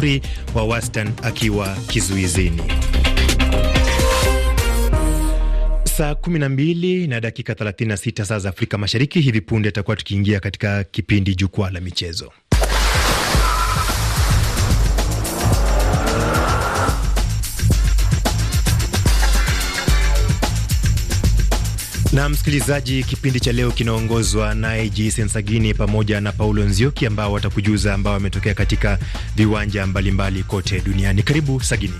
umri wa wastan akiwa kizuizini. Saa 12 na dakika 36 saa za Afrika Mashariki. Hivi punde atakuwa tukiingia katika kipindi jukwaa la michezo. Na msikilizaji, kipindi cha leo kinaongozwa naye Jason Sagini pamoja na Paulo Nzioki ambao watakujuza ambao wametokea katika viwanja mbalimbali mbali kote duniani. Karibu Sagini.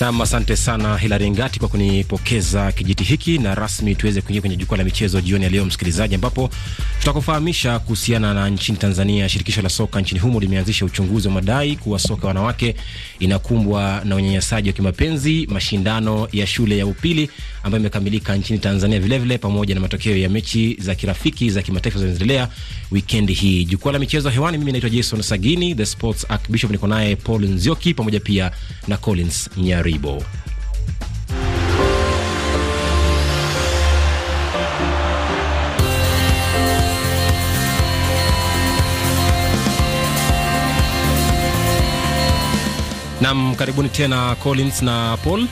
Nam, asante sana Hilari Ngati kwa kunipokeza kijiti hiki, na rasmi tuweze kuingia kwenye jukwaa la michezo jioni ya leo, msikilizaji, ambapo tutakufahamisha kuhusiana na nchini Tanzania. Shirikisho la soka nchini humo limeanzisha uchunguzi wa madai kuwa soka wanawake inakumbwa na unyanyasaji wa kimapenzi. Mashindano ya shule ya upili ambayo imekamilika nchini Tanzania vilevile vile, pamoja na matokeo ya mechi za kirafiki za kimataifa zinaendelea wikendi hii. Jukwaa la michezo hewani, mimi naitwa Jason Sagini, the sports archbishop, niko naye Paul Nzioki pamoja pia na Collins Nyaru. Karibu. Nam, karibuni tena Collins na Paul.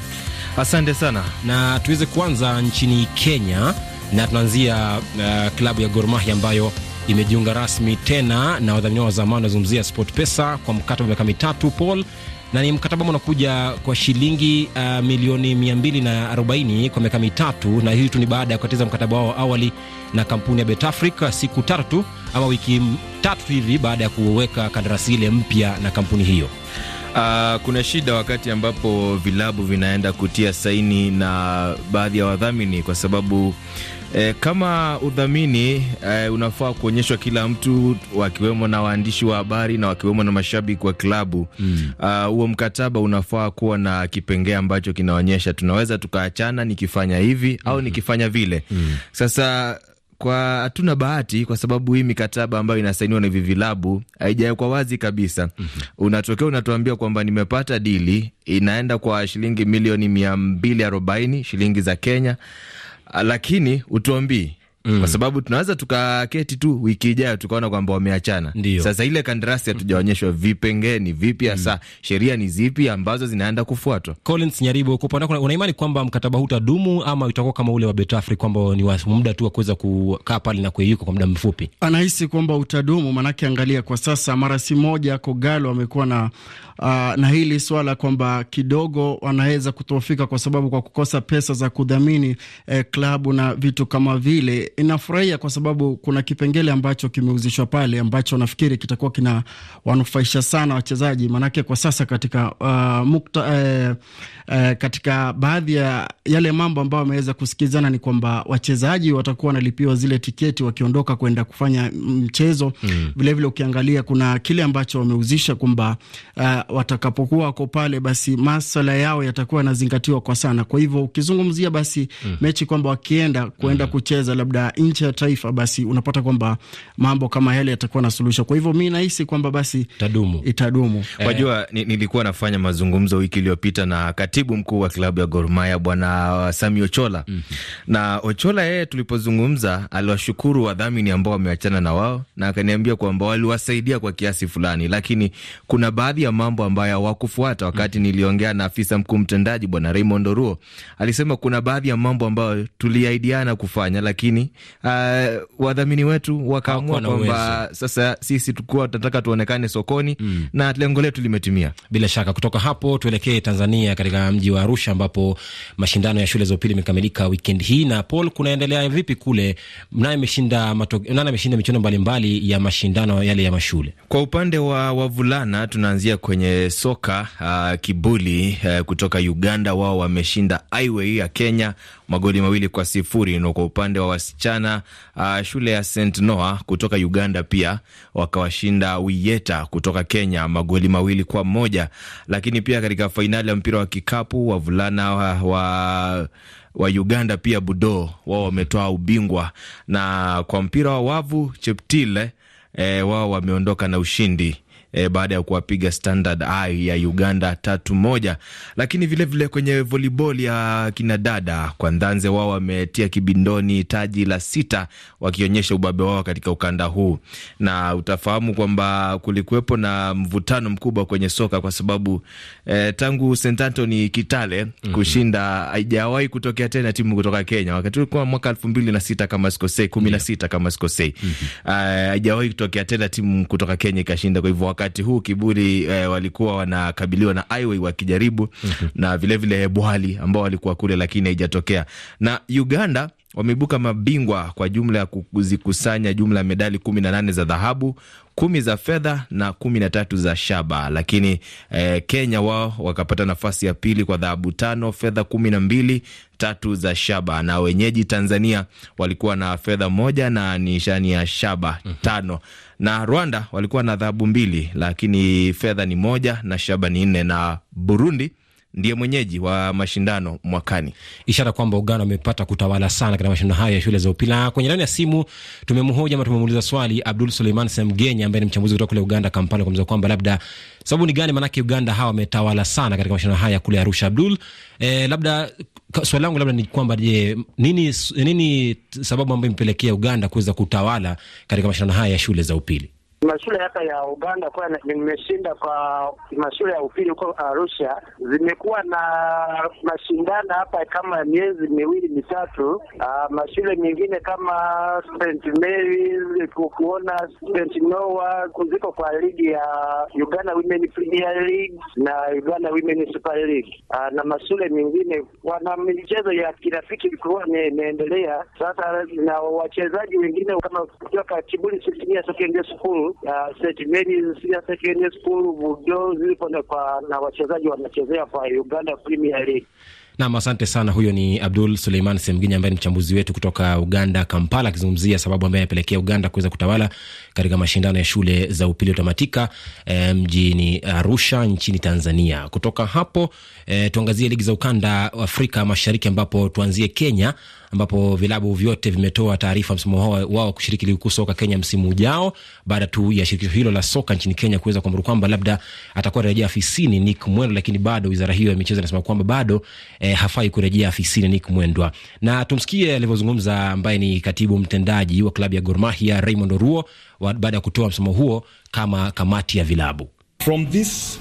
Asante sana, na tuweze kuanza nchini Kenya na tunaanzia uh, klabu ya Gor Mahia ambayo imejiunga rasmi tena na wadhaminiwa wa zamani wanazungumzia Pesa kwa mkataba wa miaka mitatu Paul, na ni mkataba ambao unakuja kwa shilingi uh, milioni 240 kwa miaka mitatu, na hii tu ni baada ya kukatiza mkataba wao awali na kampuni ya Betafrica siku tatu tu ama wiki tatu hivi baada ya kuweka kandarasi ile mpya na kampuni hiyo. Uh, kuna shida wakati ambapo vilabu vinaenda kutia saini na baadhi ya wadhamini kwa sababu E, kama udhamini e, unafaa kuonyeshwa kila mtu wakiwemo na waandishi wa habari na wakiwemo na mashabiki wa klabu mm. huo. Mm. Mkataba unafaa kuwa na kipengee ambacho kinaonyesha tunaweza tukaachana nikifanya hivi mm -hmm. au nikifanya vile mm. Sasa kwa hatuna bahati kwa sababu hii mikataba ambayo inasainiwa na hivi vilabu haijawekwa wazi kabisa. mm -hmm. Unatokea unatuambia kwamba nimepata dili inaenda kwa shilingi milioni mia mbili arobaini shilingi za Kenya lakini utuambie mm. kwa sababu tunaweza tukaketi tu wiki ijayo tukaona kwamba wameachana. Sasa ile kandarasi hatujaonyeshwa vipengeni vipi hasa, mm. sheria ni zipi ambazo zinaenda kufuatwa. Collins Nyaribo, kwa upande wako unaimani kwamba mkataba huu utadumu ama itakuwa kama ule wa Betafri kwamba ni wa muda tu wa kuweza kukaa pale na kuyeyuka kwa muda mfupi? Anahisi kwamba utadumu, maanake angalia kwa sasa, mara si moja Kogalo amekuwa na uh, na hili swala kwamba kidogo anaweza kutofika kwa sababu kwa kukosa pesa za kudhamini eh, klabu na vitu kama vile inafurahia kwa sababu kuna kipengele ambacho kimeuzishwa pale ambacho nafikiri kitakuwa kina wanufaisha sana wachezaji, maanake kwa sasa katika uh, mukta, eh, eh, katika baadhi ya yale mambo ambayo wameweza kusikizana ni kwamba wachezaji watakuwa wanalipiwa zile tiketi wakiondoka kwenda kufanya mchezo mm. Vilevile ukiangalia kuna kile ambacho wameuzisha kwamba uh, watakapokuwa wako pale, basi masala yao yatakuwa yanazingatiwa kwa sana. Kwa hivyo ukizungumzia basi mm. mechi kwamba wakienda kuenda mm. kucheza labda nchi ya taifa, basi unapata kwamba mambo kama yale yatakuwa na suluhisho. Kwa hivyo mi nahisi kwamba basi itadumu, itadumu. Eh, Wajua, nilikuwa nafanya mazungumzo wiki iliyopita na katibu mkuu wa klabu ya Gor Mahia Bwana Sami Ochola mm na Ochola yeye tulipozungumza, aliwashukuru wadhamini ambao wameachana na wao na akaniambia kwamba waliwasaidia kwa kiasi fulani, lakini kuna baadhi ya mambo ambayo hawakufuata. Mm. Wakati mm. niliongea na afisa mkuu mtendaji Bwana Raymond Oruo, alisema kuna baadhi ya mambo ambayo tuliaidiana kufanya, lakini uh, wadhamini wetu wakaamua kwamba sasa sisi tukuwa tunataka tuonekane sokoni mm. na lengo letu limetimia bila shaka. Kutoka hapo tuelekee Tanzania, katika mji wa Arusha ambapo mashindano ya shule za upili imekamilika wikendi hii. Na Paul, kunaendelea vipi kule? Naye ameshinda michuano mbalimbali ya mashindano yale ya mashule. Kwa upande wa wavulana, tunaanzia kwenye soka uh, kibuli uh, kutoka Uganda, wao wameshinda ya Kenya magoli mawili kwa sifuri. Na kwa upande wa wasichana uh, shule ya St Noa kutoka Uganda pia wakawashinda Wieta kutoka Kenya magoli mawili kwa moja. Lakini pia katika fainali ya mpira wa kikapu wavulana wa, wa wa Uganda pia Budo wao wametoa ubingwa, na kwa mpira wa wavu Cheptile eh, wao wameondoka na ushindi e, baada ya kuwapiga Standard Eye ya Uganda tatu moja. Lakini vilevile vile kwenye volleyball ya kinadada Kwandanze, wao wametia kibindoni taji la sita wakionyesha ubabe wao katika ukanda huu, na utafahamu kwamba kulikuwepo na mvutano mkubwa kwenye soka kwa sababu e, tangu St Antony Kitale mhm. kushinda haijawahi mm -hmm. kutokea tena timu kutoka Kenya wakati ulikuwa mwaka elfu mbili na sita kama sikosei kumi na sita kama sikosei mhm. haijawahi mm -hmm. uh, kutokea tena timu kutoka Kenya ikashinda kwa hivyo wakati huu Kiburi eh, walikuwa wanakabiliwa na Iway wakijaribu mm -hmm. na vilevile Hebwali ambao walikuwa kule, lakini haijatokea na Uganda wameibuka mabingwa kwa jumla ya kuzikusanya jumla ya medali kumi na nane za dhahabu, kumi za fedha na kumi na tatu za shaba. Lakini eh, Kenya wao wakapata nafasi ya pili kwa dhahabu tano, fedha kumi na mbili, tatu za shaba, na wenyeji Tanzania walikuwa na fedha moja na nishani ya shaba mhm. tano na Rwanda walikuwa na dhahabu mbili, lakini fedha ni moja na shaba ni nne, na Burundi ndiye mwenyeji wa mashindano mwakani, ishara kwamba Uganda wamepata kutawala sana katika mashindano haya ya shule za upili. Na Kwenye laini ya simu tumemhoja ama tumemuuliza swali Abdul Suleiman Semgenya ambaye ni mchambuzi kutoka kule Uganda, Kampala, kueleza kwamba labda sababu ni gani, maanake Uganda hawa wametawala sana katika mashindano haya kule Arusha. Abdul, e, labda swali langu labda ni kwamba je, nini, nini sababu ambayo imepelekea Uganda kuweza kutawala katika mashindano haya ya shule za upili? mashule hapa ya Uganda kwa nimeshinda kwa mashule ya upili huko Arusha, zimekuwa na mashindano hapa kama miezi miwili mitatu. Uh, mashule mengine kama St Mary's kuona St Noah kuziko kwa ligi ya Uganda Women Premier League na Uganda Women Super League. Uh, na mashule mengine wana michezo ya kirafiki ilikuwa imeendelea sasa, na wachezaji wengine kama kutoka Kibuli Sokendia School secondary school Budo zipo na kwa na wachezaji wanachezea kwa Uganda Premier League. Nam, asante sana. Huyo ni Abdul Suleiman Semginyi ambaye ni mchambuzi wetu kutoka Uganda, Kampala, akizungumzia sababu ambaye amepelekea Uganda kuweza kutawala katika mashindano ya shule za upili utamatika e, eh, mjini Arusha nchini Tanzania. Kutoka hapo e, tuangazie ligi za ukanda Afrika Mashariki, ambapo tuanzie Kenya ambapo vilabu vyote vimetoa taarifa msimu wao kushiriki ligi kuu soka Kenya msimu ujao baada tu ya shirikisho hilo la soka nchini Kenya kuweza kuamuru kwamba labda atakuwa rejea afisini Nick Mwendwa, lakini bado wizara hiyo ya michezo inasema kwamba bado eh, hafai kurejea afisini Nick Mwendwa, na tumsikie alivyozungumza ambaye ni katibu mtendaji wa klabu ya Gor Mahia Raymond Oruo baada ya kutoa msimamo huo kama kamati ya vilabu From this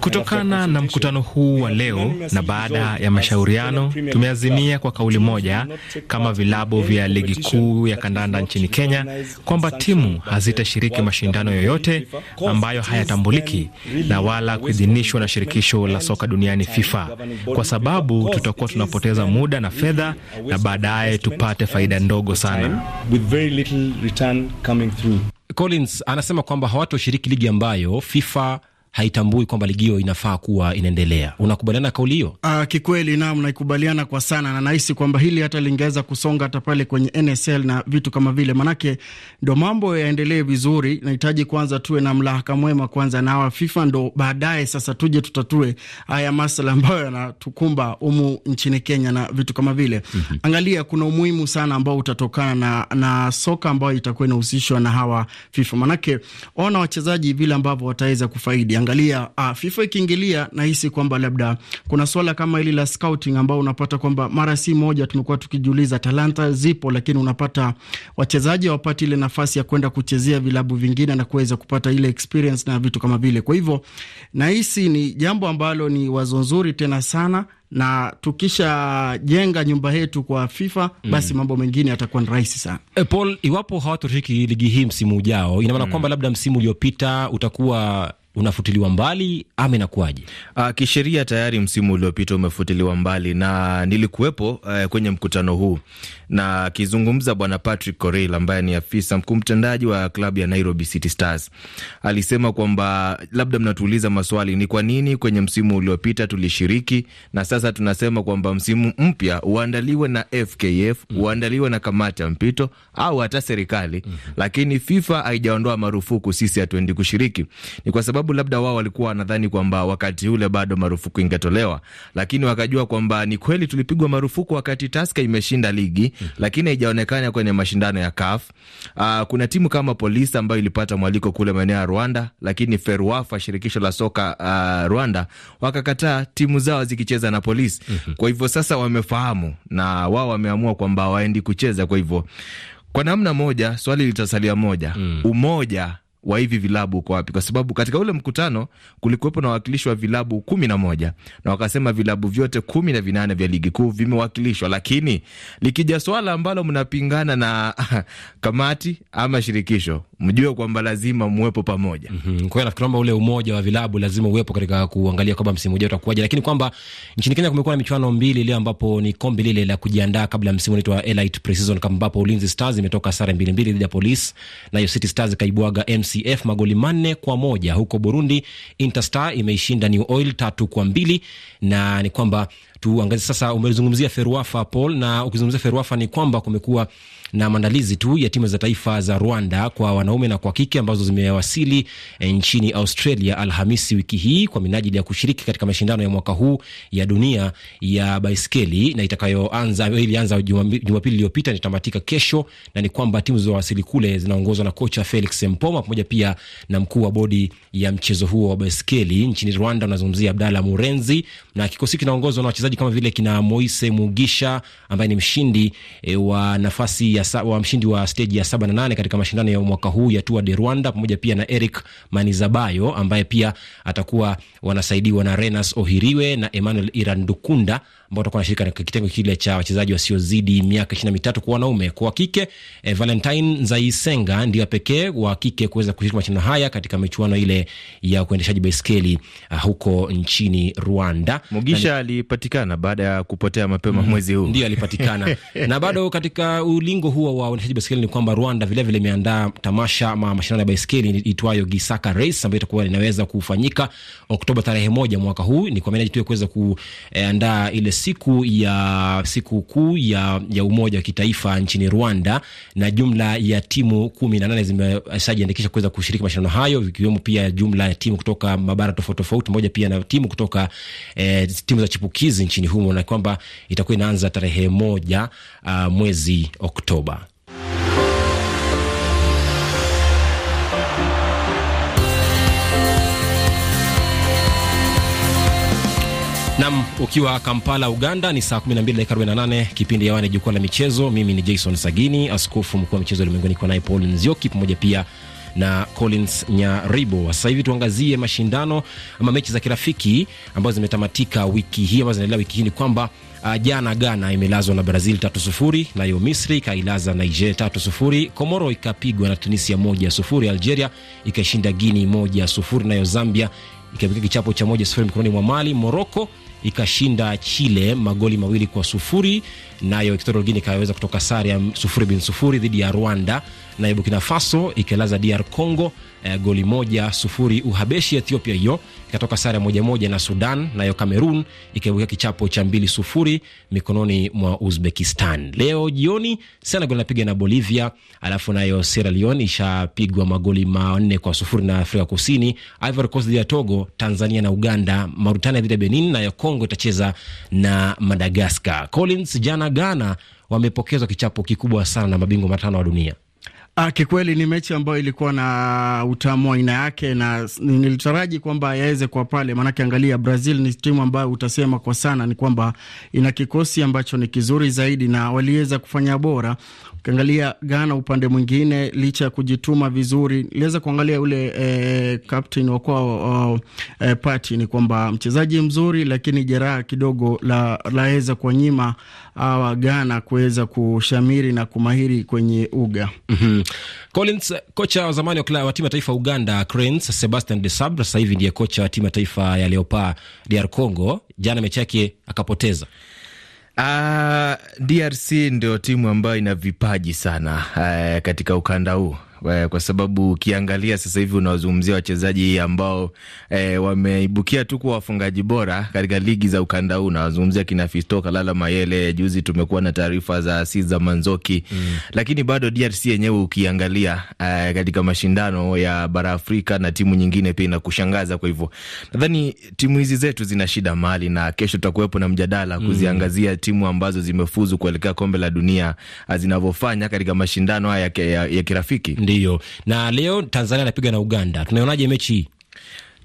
Kutokana na mkutano huu wa leo na baada ya mashauriano, tumeazimia kwa kauli moja kama vilabu vya ligi kuu ya kandanda nchini Kenya kwamba timu hazitashiriki mashindano yoyote ambayo hayatambuliki na wala kuidhinishwa na shirikisho la soka duniani FIFA, kwa sababu tutakuwa tunapoteza muda na fedha na baadaye tupate faida ndogo sana. Collins anasema kwamba hawatoshiriki ligi ambayo FIFA haitambui kwamba ligi hiyo inafaa kuwa inaendelea. Unakubaliana kauli hiyo? Uh, kikweli nam naikubaliana kwa sana, na nahisi kwamba hili hata lingeweza kusonga hata pale kwenye NSL na vitu kama vile, manake ndo mambo yaendelee vizuri, nahitaji kwanza tuwe na mlahaka mwema kwanza na hawa FIFA, ndo baadaye sasa tuje tutatue haya masala ambayo yanatukumba humu nchini Kenya na vitu kama vile mm -hmm. Angalia, kuna umuhimu sana ambao utatokana na, na soka ambayo itakuwa inahusishwa na hawa FIFA, manake ona wachezaji vile ambavyo wataweza kufaidi ukiangalia uh, FIFA ikiingilia, nahisi kwamba labda kuna swala kama hili la scouting, ambao unapata kwamba mara si moja tumekuwa tukijiuliza, talanta zipo, lakini unapata wachezaji hawapati ile nafasi ya kwenda kuchezea vilabu vingine na kuweza kupata ile experience na vitu kama vile. Kwa hivyo nahisi ni jambo ambalo ni wazo nzuri tena sana na tukishajenga nyumba yetu kwa FIFA mm. basi mm. mambo mengine yatakuwa ni rahisi sana. E, Paul, iwapo hawatoshiriki ligi hii msimu ujao, ina maana mm. kwamba labda msimu uliopita utakuwa unafutiliwa mbali ama inakuwaje? Uh, kisheria tayari msimu uliopita umefutiliwa mbali na nilikuwepo uh, kwenye mkutano huu na akizungumza Bwana Patrick Correil ambaye ni afisa mkuu mtendaji wa klabu ya Nairobi City Stars alisema kwamba labda mnatuuliza maswali, ni kwa nini kwenye msimu uliopita tulishiriki na sasa tunasema kwamba msimu mpya uandaliwe na FKF mm, uandaliwe na kamati ya mpito au hata serikali mm, lakini FIFA haijaondoa marufuku sisi hatuendi kushiriki. Ni kwa sababu sababu labda wao walikuwa wanadhani kwamba wakati ule bado marufuku ingetolewa, lakini wakajua kwamba ni kweli tulipigwa marufuku wakati Taska imeshinda ligi mm. lakini haijaonekana kwenye mashindano ya CAF. Uh, kuna timu kama polisi ambayo ilipata mwaliko kule maeneo ya Rwanda, lakini FERWAFA, shirikisho la soka uh, Rwanda, wakakataa timu zao zikicheza na polisi mm -hmm. Kwa hivyo sasa wamefahamu na wao wameamua kwamba waendi kucheza. Kwa hivyo kwa namna moja swali litasalia moja mm. umoja wa hivi vilabu uko wapi? Kwa sababu katika ule mkutano kulikuwepo na wawakilishi wa vilabu kumi na moja na wakasema vilabu vyote kumi na vinane vya ligi kuu vimewakilishwa, lakini likija swala ambalo mnapingana na kamati ama shirikisho, mjue kwamba lazima muwepo pamoja. mm -hmm. Kwa hiyo nafikiri kwamba ule umoja wa vilabu lazima uwepo katika kuangalia kwamba msimu ujao utakuwaje, lakini kwamba nchini Kenya kumekuwa na michuano mbili ile, ambapo ni kombe lile la kujiandaa kabla ya msimu unaitwa Elite Preseason season ambapo Ulinzi Stars imetoka sare mbili mbili dhidi ya Police, nayo City Stars ikaibwaga MC CF magoli manne kwa moja. Huko Burundi, Interstar imeishinda New Oil tatu kwa mbili na ni kwamba Tuangazie sasa, umezungumzia Ferwafa Paul, na ukizungumzia Ferwafa ni kwamba kumekuwa na maandalizi tu ya timu za taifa za Rwanda kwa wanaume na kwa kike ambazo zimewasili e, nchini Australia Alhamisi wiki hii kwa minajili ya kushiriki katika mashindano ya mwaka huu ya dunia ya baiskeli na itakayoanza ilianza Jumapili iliyopita nitamatika kesho, na ni kwamba timu zilizowasili kule zinaongozwa na kocha Felix Mpoma pamoja pia na mkuu wa bodi ya mchezo huo wa baiskeli nchini Rwanda, unazungumzia Abdala Murenzi na kikosi kinaongozwa na wachezaji wachezaji kama vile kina Moise Mugisha ambaye ni mshindi e, wa nafasi ya sa, wa mshindi wa stage ya saba na nane katika mashindano ya mwaka huu ya Tour de Rwanda, pamoja pia na Eric Manizabayo ambaye pia atakuwa wanasaidiwa na Renas Ohiriwe na Emmanuel Irandukunda ambao watakuwa wanashiriki katika kitengo kile cha wachezaji wasiozidi miaka ishirini na mitatu kwa wanaume. Kwa wakike eh, Valentine Zaisenga ndio pekee wa kike kuweza kushiriki mashindano haya katika michuano ile ya kuendeshaji baiskeli uh, huko nchini Rwanda. Mugisha Nani... alipatikana baada ya kupotea mapema mhm. mwezi huu, ndio alipatikana na bado katika ulingo huo wa uendeshaji baiskeli ni kwamba Rwanda vilevile imeandaa vile tamasha ama mashindano ya baiskeli itwayo Gisaka Race ambayo itakuwa inaweza kufanyika Oktoba tarehe moja mwaka huu. Ni kwa maana tu ya kuweza kuandaa ile siku ya kuu ya, ya umoja wa kitaifa nchini Rwanda, na jumla ya timu kumi na nane zimeshajiandikisha kuweza kushiriki mashindano hayo, vikiwemo pia jumla ya timu kutoka mabara tofauti tofauti, moja pia na timu kutoka eh, timu za chipukizi nchini humo, na kwamba itakuwa inaanza tarehe moja uh, mwezi Oktoba. Nam, ukiwa Kampala, Uganda ni saa 12:48 kipindi ya Kipindi jukwaa la michezo. Mimi ni Jason Sagini, askofu mkuu wa michezo ulimwenguni, kwa naye Paul Nzioki pamoja pia na Collins Nyaribo. Sasa hivi tuangazie mashindano ama mechi za kirafiki ambazo zimetamatika wiki hii ambazo zinaendelea wiki hii. Ni kwamba uh, jana Ghana imelazwa na Brazil 3-0, nayo Misri ikailaza Niger 3-0, Komoro ikapigwa na Tunisia 1-0, Algeria ikaishinda Guinea 1-0, nayo Zambia ikapiga kichapo cha 1-0 mikononi mwa Mali. Morocco ikashinda Chile magoli mawili kwa sufuri, nayo Equatorial Guinea ikaweza kutoka sare ya sufuri bin sufuri dhidi ya Rwanda naye Burkina Faso ikilaza DR Congo eh, goli moja sufuri. Uhabeshi Ethiopia hiyo ikatoka sare moja moja na Sudan, nayo Cameroon ikaibukia kichapo cha mbili sufuri mikononi mwa Uzbekistan. Leo jioni Senegal inapiga na Bolivia, alafu nayo Sierra Leone ishapigwa magoli manne kwa sufuri na Afrika Kusini. Ivory Coast dhidi ya Togo, Tanzania na Uganda, Mauritania dhidi ya Benin, nayo Congo itacheza na Madagascar. Collins jana Ghana wamepokezwa kichapo kikubwa sana na mabingwa matano wa dunia Ah, kikweli ni mechi ambayo ilikuwa na utamu aina yake, na nilitaraji kwamba yaweze kwa pale, maanake angalia, Brazil ni timu ambayo utasema kwa sana ni kwamba ina kikosi ambacho ni kizuri zaidi, na waliweza kufanya bora Ukiangalia Ghana upande mwingine, licha ya kujituma vizuri, niliweza kuangalia ule eh, captain wa kwao e, ni kwamba mchezaji mzuri, lakini jeraha kidogo la laweza kuwanyima awa uh, Ghana kuweza kushamiri na kumahiri kwenye uga. mm -hmm. Collins, kocha wa zamani wa timu ya taifa Uganda Cranes, Sebastian Desabre sasa hivi ndiye kocha wa timu ya taifa ya Leopard DR Congo. Jana mechi yake akapoteza Uh, ah, DRC ndio timu ambayo ina vipaji sana uh, katika ukanda huu. Eh, kwa sababu ukiangalia sasa hivi unawazungumzia wachezaji ambao e, wameibukia tu kuwa wafungaji bora katika ligi za ukanda huu. Nawazungumzia kina Fisto Kalala Mayele, juzi tumekuwa na taarifa za Siza Manzoki mm. Lakini bado DRC yenyewe ukiangalia e, katika mashindano ya bara Afrika na timu nyingine pia inakushangaza. Kwa hivyo nadhani timu hizi zetu zina shida mali, na kesho tutakuwepo na mjadala mm. kuziangazia timu ambazo zimefuzu kuelekea kombe la dunia zinavyofanya katika mashindano haya ya, ya, ya kirafiki ndio. na leo Tanzania anapiga na Uganda, tunaionaje mechi hii?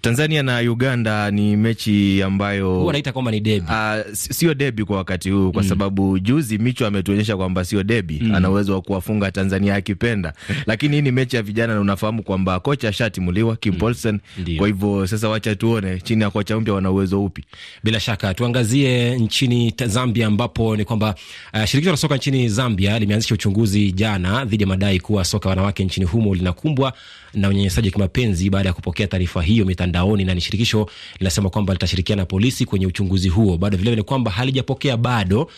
Tanzania na Uganda ni mechi ambayo wanaita kwamba ni debi. Ah, uh, sio debi kwa wakati huu kwa mm. sababu juzi Micho ametuonyesha kwamba sio debi mm. ana uwezo wa kuwafunga Tanzania akipenda, lakini hii ni mechi ya vijana na unafahamu kwamba kocha ashatimuliwa Kim mm. Paulsen mm. kwa hivyo sasa, wacha tuone chini ya kocha mpya wana uwezo upi. Bila shaka tuangazie nchini Zambia ambapo ni kwamba uh, shirikisho la soka nchini Zambia limeanzisha uchunguzi jana dhidi ya madai kuwa soka wanawake nchini humo linakumbwa na unyanyasaji wa kimapenzi baada ya kupokea taarifa hiyo mitandao mtandaoni na ni shirikisho linasema kwamba litashirikiana na polisi kwenye uchunguzi huo. Bado vilevile ni kwamba halijapokea bado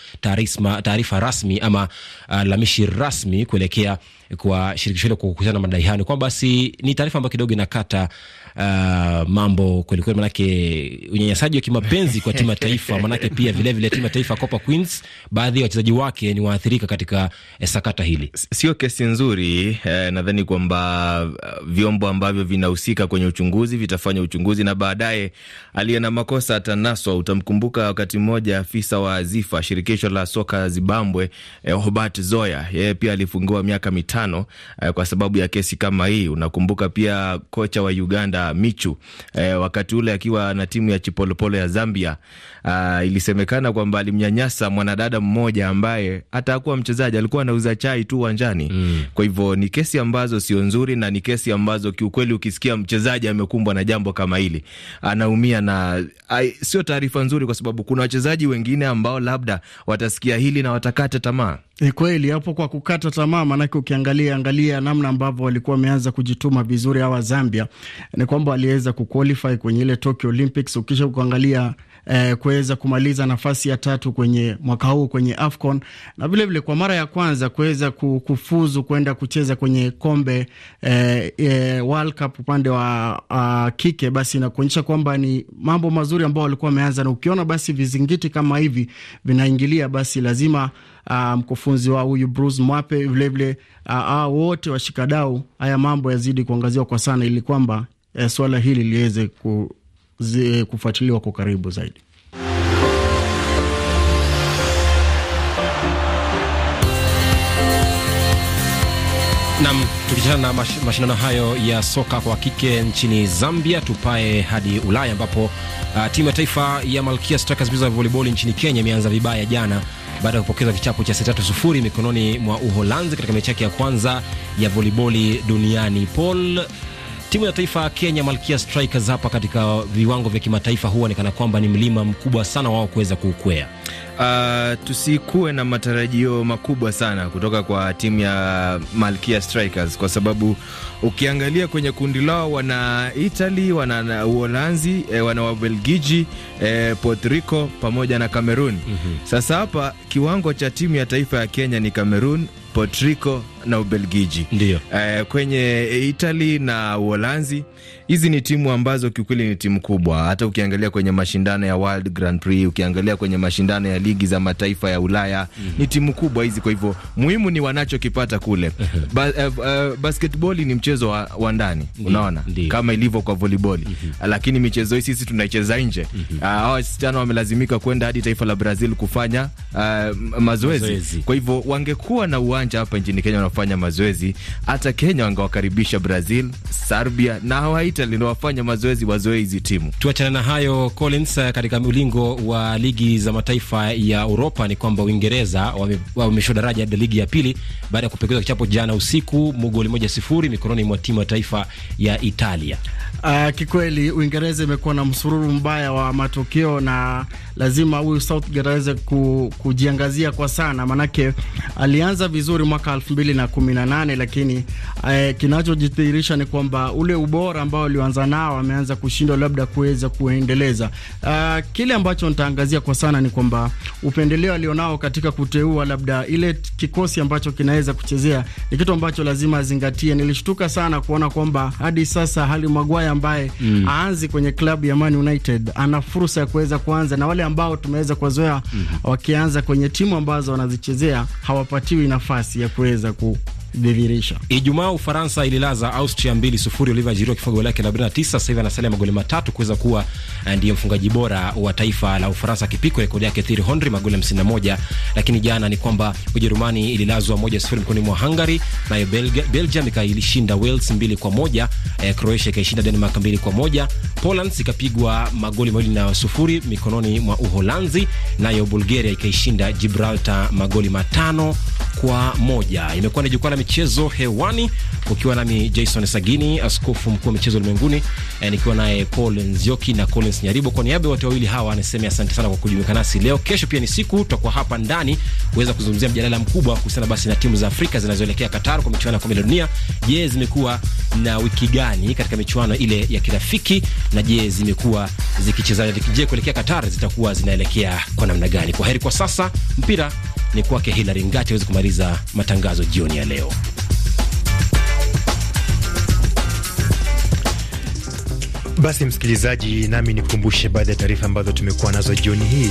taarifa rasmi ama uh, lamishi rasmi kuelekea kwa shirikisho hilo kukutana na madai hayo. Ni kwamba basi ni taarifa ambayo kidogo inakata uh, mambo kwelikweli, manake unyanyasaji wa kimapenzi kwa timu ya taifa, manake pia vilevile timu ya taifa Copa Queens, baadhi ya wachezaji wake ni waathirika katika eh, sakata hili. Sio kesi nzuri eh, nadhani kwamba eh, vyombo ambavyo vinahusika kwenye uchunguzi vitafanya uchunguzi na baadaye aliye na makosa atanaswa. Utamkumbuka wakati mmoja afisa wa Zifa, shirikisho la soka Zimbabwe, eh, Hobart Zoya, yeye pia alifungiwa miaka mitano eh, kwa sababu ya kesi kama hii. Unakumbuka pia kocha wa Uganda Michu eh, wakati ule akiwa na timu ya Chipolopolo ya Zambia. Uh, ilisemekana kwamba alimnyanyasa mwanadada mmoja ambaye hata hakuwa mchezaji, alikuwa anauza chai tu uwanjani mm. Kwa hivyo ni kesi ambazo sio nzuri na ni kesi ambazo kiukweli, ukisikia mchezaji amekumbwa na jambo kama hili, anaumia na sio taarifa nzuri, kwa sababu kuna wachezaji wengine ambao labda watasikia hili na watakata tamaa. Ni kweli hapo kwa kukata tamaa, maanake ukiangalia angalia namna ambavyo walikuwa wameanza kujituma vizuri hawa Zambia, ni kwamba waliweza kuqualify kwenye ile Tokyo Olympics. Ukisha kuangalia eh, kuweza kumaliza nafasi ya tatu kwenye mwaka huu kwenye AFCON na vilevile kwa mara ya kwanza kuweza kufuzu kwenda kucheza kwenye kombe eh, eh, World Cup upande wa uh, kike, basi na kuonyesha kwamba ni mambo mazuri ambayo walikuwa wameanza, na ukiona basi vizingiti kama hivi vinaingilia, basi lazima Uh, mkufunzi wa huyu Bruce Mwape vilevile ah, wote washikadau haya mambo yazidi kuangaziwa kwa sana, ili kwamba uh, swala hili liweze ku kufuatiliwa kwa karibu zaidi. Nam, tukichana na mashindano hayo ya soka kwa kike nchini Zambia, tupae hadi Ulaya ambapo uh, timu ya taifa ya Malkia Strikers Blues ya nchini Kenya imeanza vibaya jana baada ya kupokezwa kichapo cha seti tatu sufuri mikononi mwa Uholanzi katika mechi yake ya kwanza ya voleyboli duniani. Paul Timu ya taifa ya Kenya Malkia Strikers hapa katika viwango vya kimataifa huonekana kwamba ni mlima mkubwa sana wao kuweza kuukwea. Uh, tusikuwe na matarajio makubwa sana kutoka kwa timu ya Malkia Strikers kwa sababu ukiangalia kwenye kundi lao wana Italy, wana Uholanzi, eh, wana Wabelgiji, eh, Puerto Rico pamoja na Cameroon. Mm -hmm. Sasa hapa kiwango cha timu ya taifa ya Kenya ni Cameroon, Puerto Rico na Ubelgiji. Ndio. eh, kwenye Itali na Uholanzi, hizi ni timu ambazo kiukweli ni timu kubwa. Hata ukiangalia kwenye mashindano ya World Grand Prix, ukiangalia kwenye mashindano ya ligi za mataifa ya Ulaya mm -hmm. ni timu kubwa hizi, kwa hivyo muhimu ni wanachokipata kule. ba, uh, uh, basketball ni mchezo wa, wa ndani unaona, Ndiyo. kama ilivyo kwa volleyball mm -hmm. lakini michezo hii sisi tunaicheza nje mm -hmm. hawa wasichana wamelazimika kwenda hadi taifa la Brazil kufanya uh, mazoezi. Kwa hivyo wangekuwa na uwanja hapa nchini Kenya na wanafanya mazoezi. Hata Kenya wangewakaribisha Brazil, Serbia na hawa Italy ndio wafanya mazoezi, wazoe hizi timu. Tuachana na hayo Collins. Katika ulingo wa ligi za mataifa ya Uropa ni kwamba Uingereza wameshuka daraja hadi ligi ya pili baada ya kupekeza kichapo jana usiku mgoli moja sifuri mikononi mwa timu ya taifa ya Italia. Uh, kikweli Uingereza imekuwa na msururu mbaya wa matokeo na lazima huyu Southgate aweze ku, kujiangazia kwa sana, manake alianza vizuri mwaka elfu mbili na na kumi na nane, lakini eh, kinachojidhihirisha ni kwamba ule ubora ambao walioanza nao wameanza kushindwa labda kuweza kuendeleza. Uh, kile ambacho nitaangazia kwa sana ni kwamba upendeleo alionao katika kuteua labda ile kikosi ambacho kinaweza kuchezea ni kitu ambacho lazima azingatie. Nilishtuka sana kuona kwamba hadi sasa Harry Maguire ambaye mm. aanzi kwenye klabu ya Man United ana fursa ya kuweza kuanza, na wale ambao tumeweza kuwazoea mm. wakianza kwenye timu ambazo wanazichezea hawapatiwi nafasi ya kuweza ku kudhihirisha. Ijumaa Ufaransa ililaza Austria mbili sufuri. Olivier Giroud akifunga goli lake la 49. Sasa hivi anasalia magoli matatu kuweza kuwa eh, ndiye mfungaji bora wa taifa la Ufaransa akipikwa rekodi yake Thierry Henry magoli 51. Lakini jana ni kwamba Ujerumani ililazwa moja sufuri mkononi mwa Hungary, nayo Belgium ikaishinda Wales mbili kwa moja. Eh, Croatia ikaishinda Denmark mbili kwa moja. Poland ikapigwa magoli mawili na sufuri mikononi mwa Uholanzi, nayo Bulgaria ikaishinda Gibraltar magoli matano kwa moja. Imekuwa ni jukwaa la michezo hewani, ukiwa nami Jason Sagini, askofu mkuu wa michezo ulimwenguni, e, nikiwa naye Collins Yoki na Collins Nyaribo. Kwa niaba ya watu wawili hawa anasema asante sana kwa kujumuika nasi leo. Kesho pia ni siku tutakuwa hapa ndani kuweza kuzungumzia mjadala mkubwa kuhusiana basi na timu za Afrika zinazoelekea Qatar kwa michuano ya kombe la dunia. Je, zimekuwa na wiki gani katika michuano ile ya kirafiki, na je zimekuwa zikichezaje? Je, kuelekea Qatar zitakuwa zinaelekea kwa namna gani? Kwa heri kwa sasa mpira ni kwake Hilary Ngati aweze kumaliza matangazo jioni ya leo. Basi msikilizaji, nami nikukumbushe baadhi ya taarifa ambazo tumekuwa nazo jioni hii.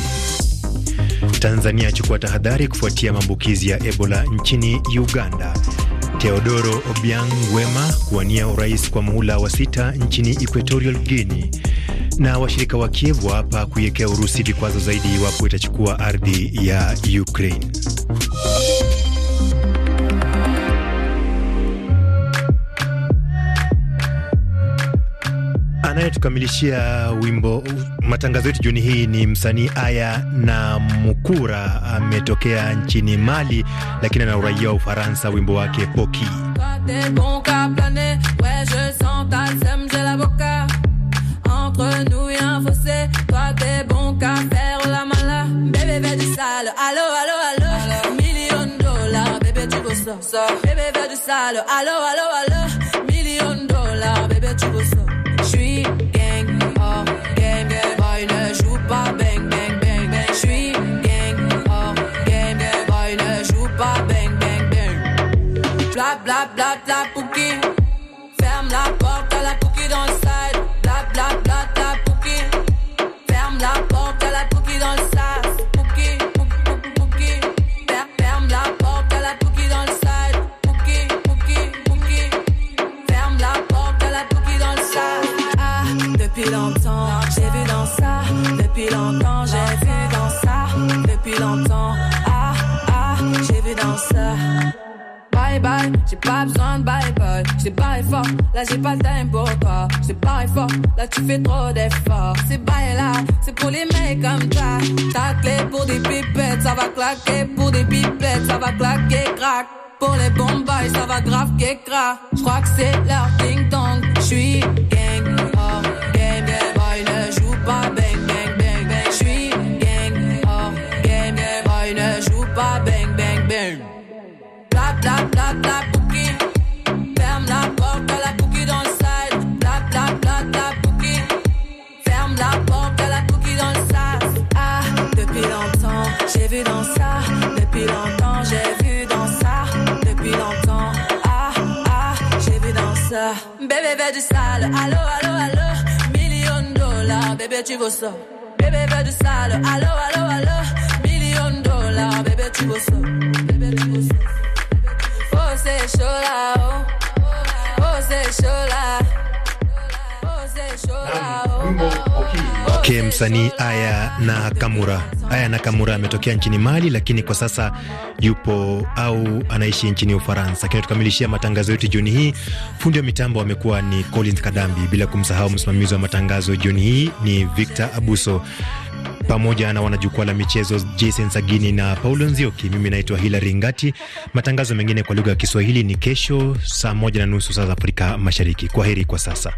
Tanzania achukua tahadhari kufuatia maambukizi ya Ebola nchini Uganda. Teodoro Obiang Nguema kuwania urais kwa muhula wa sita nchini Equatorial Guinea. Na washirika wa Kiev waapa kuiwekea Urusi vikwazo zaidi iwapo itachukua ardhi ya Ukraine. Anayetukamilishia wimbo matangazo yetu jioni hii ni msanii Aya na Mukura, ametokea nchini Mali lakini ana uraia wa Ufaransa. Wimbo wake Poki ça. Bébé de du sale, allo, allo, allo. Million dollars, bébé, tu J'suis gang, oh, gang boy, ne joue pas bang, bang, bang. J'suis gang, oh, gang boy, ne joue pas bang, bang, bang. Bla, bla, bla, bla, Ferme la porte à la cookie dans le sale. Bla, bla, bla, bla, Ferme la porte à la cookie dans le bye j'ai pas besoin de bye bye. J'ai pas fort, là j'ai pas le time pour toi. J'ai pas fort, là tu fais trop d'efforts. C'est bye là, c'est pour les mecs comme ça. Ta clé pour des pipettes, ça va claquer pour des pipettes, ça va claquer crack. Pour les bombes, ça va grave Je J'crois que c'est leur ding dong. J'suis La ferme la porte la cookie dans le bla La Cookie ferme la porte la cookie dans le Ah, depuis longtemps, j'ai vu dans ça. Depuis longtemps, j'ai vu dans ça. Depuis longtemps, ah, ah, j'ai vu dans ça. Bébé, bébé du sale, allo, allo, allo. Million de dollars, bébé, tu ça Bébé, bébé du sale, allo, allo, allo. Million de dollars, bébé, tu ça Bébé, tu bosses. say, show love. Okay, msanii Aya na kamura Aya na kamura ametokea nchini Mali, lakini kwa sasa yupo au anaishi nchini Ufaransa. Lakini tukamilishia matangazo yetu jioni hii. Fundi wa mitambo amekuwa ni Collins Kadambi, bila kumsahau msimamizi wa matangazo jioni hii ni Victor Abuso, pamoja na wanajukwaa la michezo Jason Sagini na Paulo Nzioki. Mimi naitwa Hilary Ngati. Matangazo mengine kwa lugha ya Kiswahili ni kesho saa moja na nusu saa za Afrika Mashariki. Kwa heri kwa sasa.